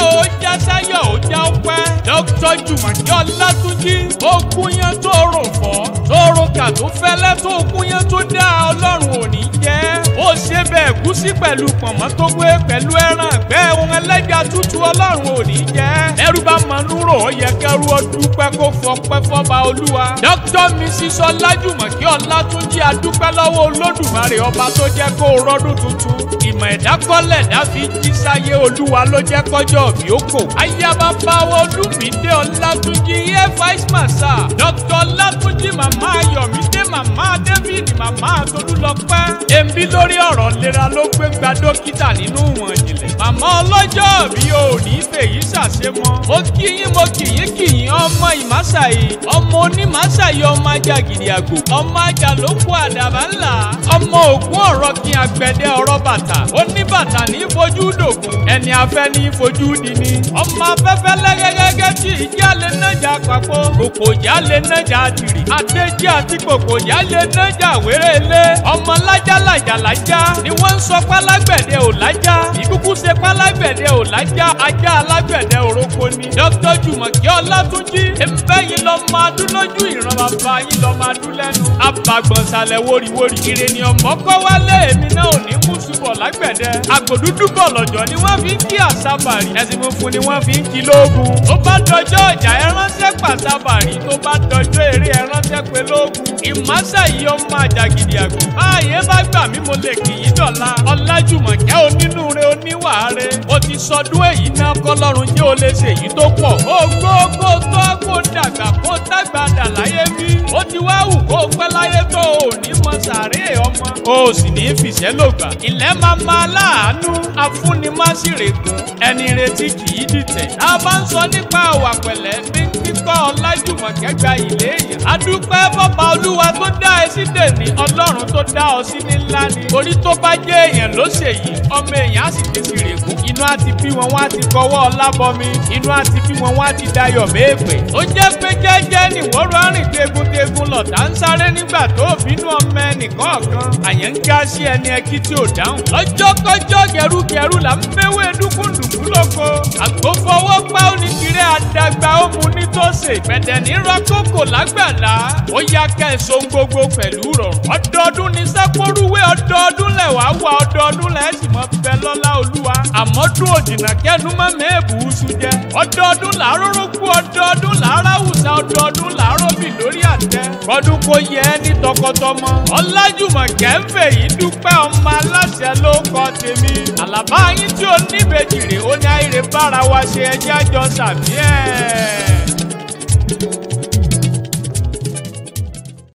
ó já sáyọ̀ ó já ọpẹ́. dókítà jùmọ̀kí ọlátúnjí ó kúyán tó rò fọ́ tó rò kà tó fẹ́lẹ́ tó sí pẹ̀lú pọ̀nmọ́ tó gbé pẹ̀lú ẹran àgbẹ̀ ohun ẹlẹ́jà tútù ọlọ́run ò ní jẹ́. ẹrú bá mọ núrò ó yẹ kẹrú ọdúpẹ́ kó fọpẹ́ fọba olúwa. dókítà mi sísọ lájùmọ̀kí ọlátúnjí adúpẹ́ lọ́wọ́ olódùmarè ọba tó jẹ́ kó rọ́dún tuntun. ìmọ̀ ẹ̀dá kọ́lẹ̀ dá fi jí sáyé olúwa ló jẹ́ kọjọ́ mi ó kò. ayaba báwo olúmídé ọlátúnjí air vice marshal dókítà ọlátúnjí màmá ayọ̀mídé màmá david pé gba dókítà nínú ìwọ̀n ìjìnlẹ̀. màmá ọlọ́jọ́ mi ò ní fèyí ṣàṣemọ́. mo kì mo kì yín kì ọmọ onímàṣàyí ọmọ onímàṣàyí ọmọ ajá gidi àgò ọmọ ajá ló kó àdàbà ńlá ọmọ ògún ọ̀rọ̀ kí agbẹ̀dẹ ọ̀rọ̀ bàtà oníbàtà ní fojú dògùn ẹni afẹ́ ní fojú dini ọmọ afẹ́fẹ́ lẹ́gẹ́gẹ́gẹ́ tí ìjà lè nájà papọ̀ kòkò ìjà lè nájà tìrì àtẹ́jì àti kòkò ìjà lè nájà wéré lé ọmọ lájàlájà lájá ni wọ́n ń sọ pálágbẹ̀dẹ ò lájá alágbẹ̀dẹ ò lájà ajá alágbẹ̀dẹ òrókò ni dr jùmọ̀kẹ́ ọlátúnjí ń bẹ́ ọmọ adún lójú ìran bàbá yín lọ máa dún lẹ́nu. abàgbọ̀n sàlẹ̀ wóríwórí. ire ni ọmọ kọ́ wálé èmi náà ò ní mú ṣubọ̀ lágbẹ̀dẹ. àgbòdúdú bọ̀ lọ́jọ́ ni wọ́n fi ń kí àṣàbàrì. ẹ̀sìn funfun ni wọ́n fi ń kí lóògùn. ó bá dọjọ́ ọjà ẹránṣẹ́ pàṣàbàrì tó bá dọjọ́ eré ẹránṣẹ́ pé lóògùn. ìmọ̀ṣẹ́ yìí ọmọ àjàgìdì àgbò. ààyè bá gbà mí o sì ní fìṣẹ́ lògbà. ilẹ̀ máa ma láàánú afúnimáṣírègùn ẹni retí kì í dìtẹ̀. tá a bá ń sọ nípa àwà pẹ̀lẹ́ bí kíkọ́ ọlájùmọ̀kẹ́ gba ilé èèyàn. a dúpẹ́ bọ́ba olúwa tó dá ẹ sí dèní ọlọ́run tó dá ọ sí ní ńlá ni. orí tó bá jẹ́ èèyàn ló ṣe yìí ọmọ èèyàn á sì ti ṣírègùn. inú á ti bí wọn wá ti kọwọ́ ọlábọmi inú á ti bí wọn wá ti dayọ̀ méèpẹ̀. ó jẹ́ pé lọ̀tá ń sáré nígbà tó bínú ọmọ ẹnìkan kan àyẹ̀ ń gá sí ẹni ẹkí tí ò dáhùn. lọ́jọ́ kọjọ́ gẹrugẹru là ń méwé dúkúndùkú lóko. àgbófọwọ́ pa ó ní kiri àdàgbà ó mu nítòsè. pẹ̀tẹ̀ ní rọ́kòkò lágbàlá. ó yá kẹ́sọ̀ ń gbogbo pẹ̀lú rọrùn. ọdọọdún ni sápórúwé ọdọọdún lẹ̀ wá wá ọdọọdún lẹ̀ sì mọ bẹ lọ́lá olúwa. àmọ́dún òjìnà kẹ́nu mọ́ kọ́dún kó yẹ ẹ́ ní tọkọtọmọ. ọlájùmọ̀kẹ́ ń fè yí dúpẹ́ ọmọ aláṣẹ ló kọ́ tèmi. àlàbá tí ó níbejì rè ó ní àìrè bára wa ṣe ẹjẹ́ àjọ sàbí ẹ̀.